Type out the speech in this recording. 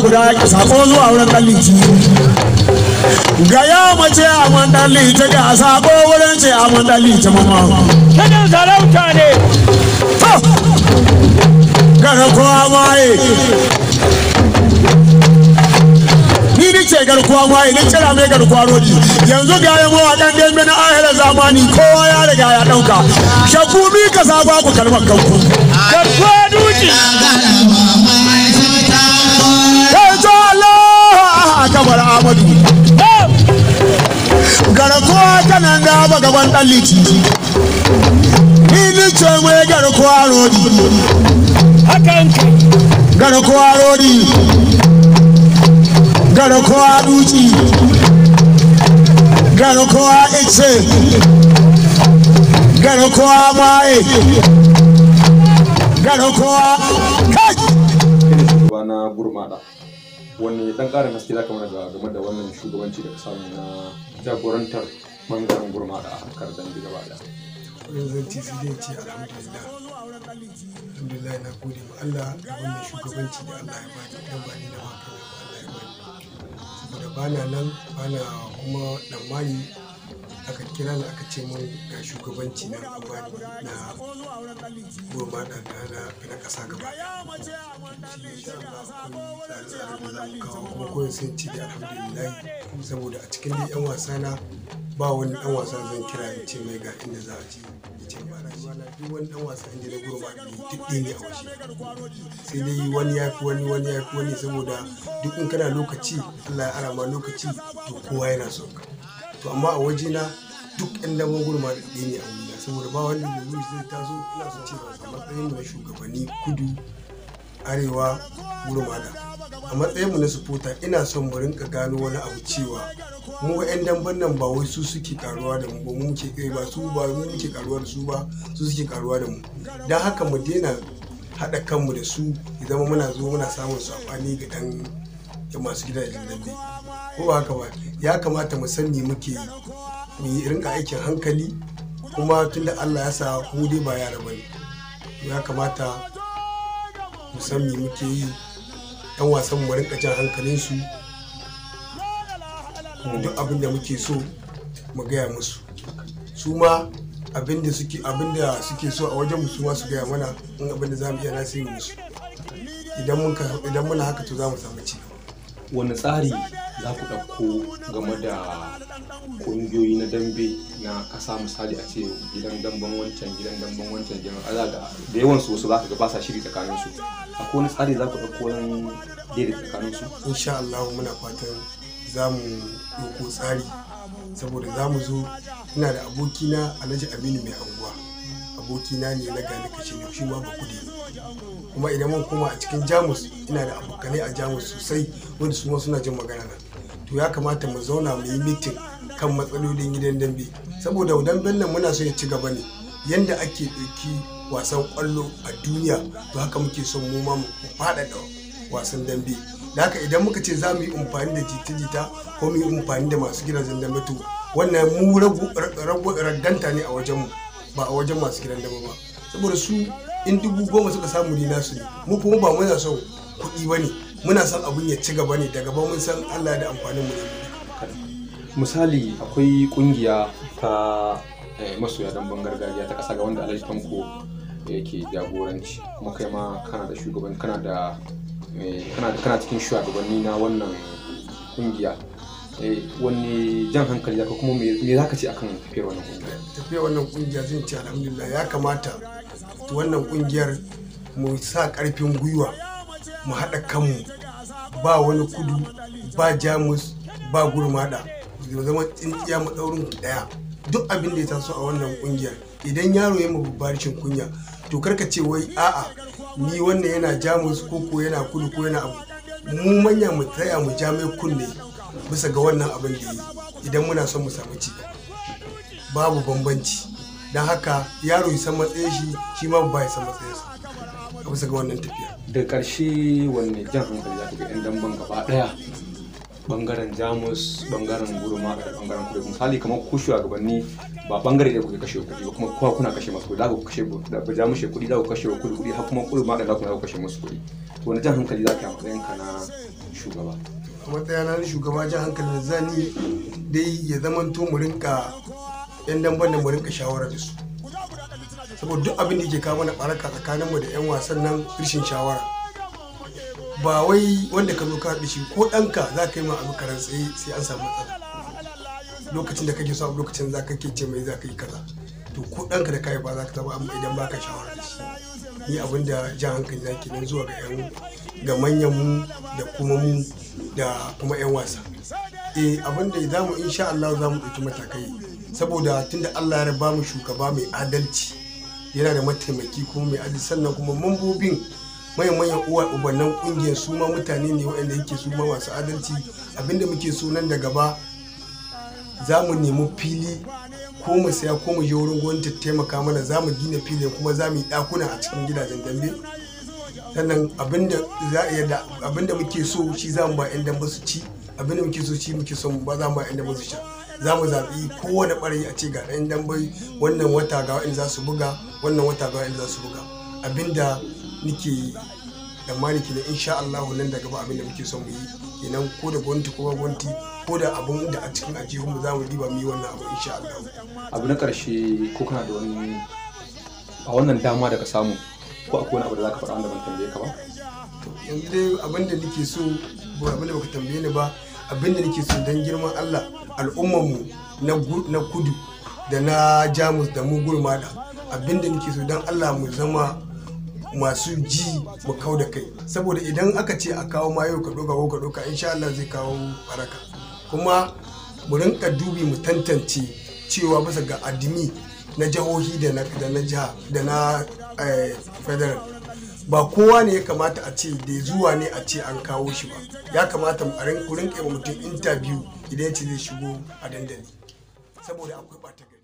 guda guda ki sako zuwa wurin dan liti ga ya mace a man dan liti ga sako wurin ce a man dan liti mama kanin sarauta ne garkuwa maye ni ni ce garkuwa maye ni kira mai garkuwa rodi yanzu ga ya mawa dan dambe na ahira zamani kowa ya riga ya dauka shakumi ka saba ku kalmar kanku garkuwa duki kwaliti ili cewa garkuwa rodi hakan kai garkuwa rodi gurmada dan ka game da wannan shugabanci da ka na jagorantar bangaren gurma da harkar dambe gaba da yanzu su zai ce alhamdulillah alhamdulillah na gode ma Allah da wannan shugabanci da Allah ya bani da ba ni da maka Allah ya bani saboda bana nan bana kuma dan aka kira ni aka ce mun ga shugabanci na gaba na goma na na ƙasa gaba kuma ko sai ci da alhamdulillah saboda a cikin da yan wasa na ba wani dan wasa zan kira ya ce mai ga inda za a ci ya ce ba na shi duk wani dan wasa inda na goma ne duk ɗaya ya a washe sai dai wani ya fi wani wani ya fi wani saboda duk in kana lokaci Allah ya arama lokaci to kowa yana son ka to amma a na duk yan damar gurma da ɗaya ne a wuya saboda ba wanda da zuwa zai taso ina son cewa a matsayin mai shugabanni kudu arewa gurma da a matsayin mu na supporter ina son mu rinka gano wani abu cewa mu yan damban nan ba wai su suke karuwa da mu ba mu ke kai ba su ba mu ke karuwa da su ba su suke karuwa da mu don haka mu daina haɗa kanmu da su ya zama muna zo muna samun saɓani ga ɗan masu gidajen dambe ko ba haka ba ya kamata mu san me muke yi mu yi rinka aikin hankali kuma tunda Allah ya sa ku dai ba yara bane ya kamata mu san me muke yi yan wasan mu rinka jan hankalin su duk abin da muke so mu gaya musu su ma abin da suke abin da suke so a wajen su ma su gaya mana in abin da zamu iya nasiru musu idan mun idan muna haka to za mu samu ci wani tsari za ku ɗauko game da ƙungiyoyi na dambe na ƙasa misali a ce gidan damban wancan gidan damban wancan gidan ala da da yawan su wasu za ka ga ba sa shiri tsakanin su akwai wani tsari za ku ɗauko wani daidai tsakanin su insha Allah muna fatan za mu ɗauko tsari saboda za mu zo ina da abokina Alhaji Aminu mai anguwa abokina ne na gani kashe ne shi ma ba kudi kuma idan mun koma a cikin jamus ina da abokanai a jamus sosai wanda su ma suna jin magana na to ya kamata mu zauna mu yi mitin kan matsalolin gidan dambe saboda wadan bellan muna so ya ci gaba ne yanda ake ɗauki wasan ƙwallo a duniya to haka muke son mu ma mu faɗaɗa wasan dambe da haka idan muka ce za mu yi amfani da jita-jita ko mu yi amfani da masu gidajen dambe to wannan mu ragganta ne a wajen mu ba a wajen masu gidan dambe ba saboda su in dubu goma suka samu ni nasu ne mu kuma ba muna son kuɗi ba ne muna son abun ya ci gaba ne daga ba mun san Allah da amfanin mu misali akwai kungiya ta eh, masoya damben gargajiya ta kasa ga wanda Alhaji Tanko yake jagoranci kuma kai ma kana da shugaban kana da eh, kana cikin shugabanni na wannan kungiya eh, wani jan hankali zaka kuma me zaka ce akan tafiyar wannan kungiya tafiyar wannan kungiya zan ce alhamdulillah ya kamata wannan kungiyar mu sa karfin gwiwa mu haɗa kanmu ba wani kudu ba jamus ba gurmada da zama tsintsiya mu ɗaurin ɗaya duk abin da ya taso a wannan ƙungiyar idan yaro ya mu barcin kunya to karka ce wai a'a ni wannan yana jamus ko ko yana kudu ko yana abu mu manya mu tsaya mu jami'a kunne bisa ga wannan abin da yi idan muna son mu samu ci babu bambanci don haka yaro ya san matsayin shi shi ma ba ya san matsayin sa bisa ga wannan tafiya da ƙarshe wanne jan hankali za ta ga 'yan damban gaba ɗaya bangaren jamus bangaren gurma da bangaren kudu misali kamar ku shugabanni ba bangare da kuke kashe kudi ba kuma kowa kuna kashe masu kuɗi za ku kashe da jamus shi kudi ku kashe kudi kudi har kuma kudu ma da za ku kashe masu kuɗi to wani jan hankali za ka yi matsayin ka na shugaba matsaya na shugaba jan hankali zani dai ya zamanto mu rinka yan damban da mu rinka shawara da su saboda duk abin da ke kawo mana baraka tsakanin mu da yan wasan nan rishin shawara ba wai wanda ka zo ka haɗu shi ko ɗanka za ka yi ma abu karan tsaye sai an samu matsala lokacin da kake so abu lokacin za ka ke ce mai za ka yi kaza to ko ɗanka da yi ba za ka taɓa amma idan baka shawara da shi ni abin da ja hankali na kenan zuwa ga yan ga manyan mu da kuma mu da kuma yan wasa eh abin da za mu insha Allah za mu ɗauki matakai saboda tunda Allah ya ba mu shugaba mai adalci yana da mataimaki kuma mai aji sannan kuma mambobin manyan uwa ubannin kungiyar su ma mutane ne waɗanda yake su ma masu adalci abinda muke so nan da gaba za mu nemi fili ko mu saya ko mu yi wurin gwamnati taimaka mana za mu gina filin kuma za mu yi ɗakuna a cikin gidajen dambe sannan abinda za a yadda abinda muke so shi za mu ba 'yan dambe su ci abinda muke so shi muke so ba za mu ba 'yan dambe su sha za mu zaɓi kowane ɓarayi a ce ga ɗan dambai wannan wata ga wa'in za su buga wannan wata ga wa'in za su buga abinda nike da maliki na insha Allah nan da gaba abinda muke son mu yi kenan ko da gwanti ko ba gwanti ko da abun da a cikin ajihun mu za mu diba mu yi wannan abu insha Allah abu na karshe ko kana da wani a wannan dama da ka samu ko akwai wani abu da zaka faɗa wanda ban tambaye ka ba yanzu dai abin da nake so abin da baka tambaye ni ba abinda nake so don girman Allah al'ummarmu na kudu da na jamus da mu da abinda nake so don Allah mu zama masu ji mu kau da kai saboda idan aka ce a kawo mayo ka doka ko ka doka insha Allah zai kawo baraka kuma mu rinka dubi mu tantance cewa bisa ga adimi na jihohi da na jiha da na eh, federal ba kowa ne ya kamata a ce da zuwa ne a ce an kawo shi ba ya kamata mu wa mutum intabiyu idan ya ce zai shigo a dandali saboda akwai ɓata gari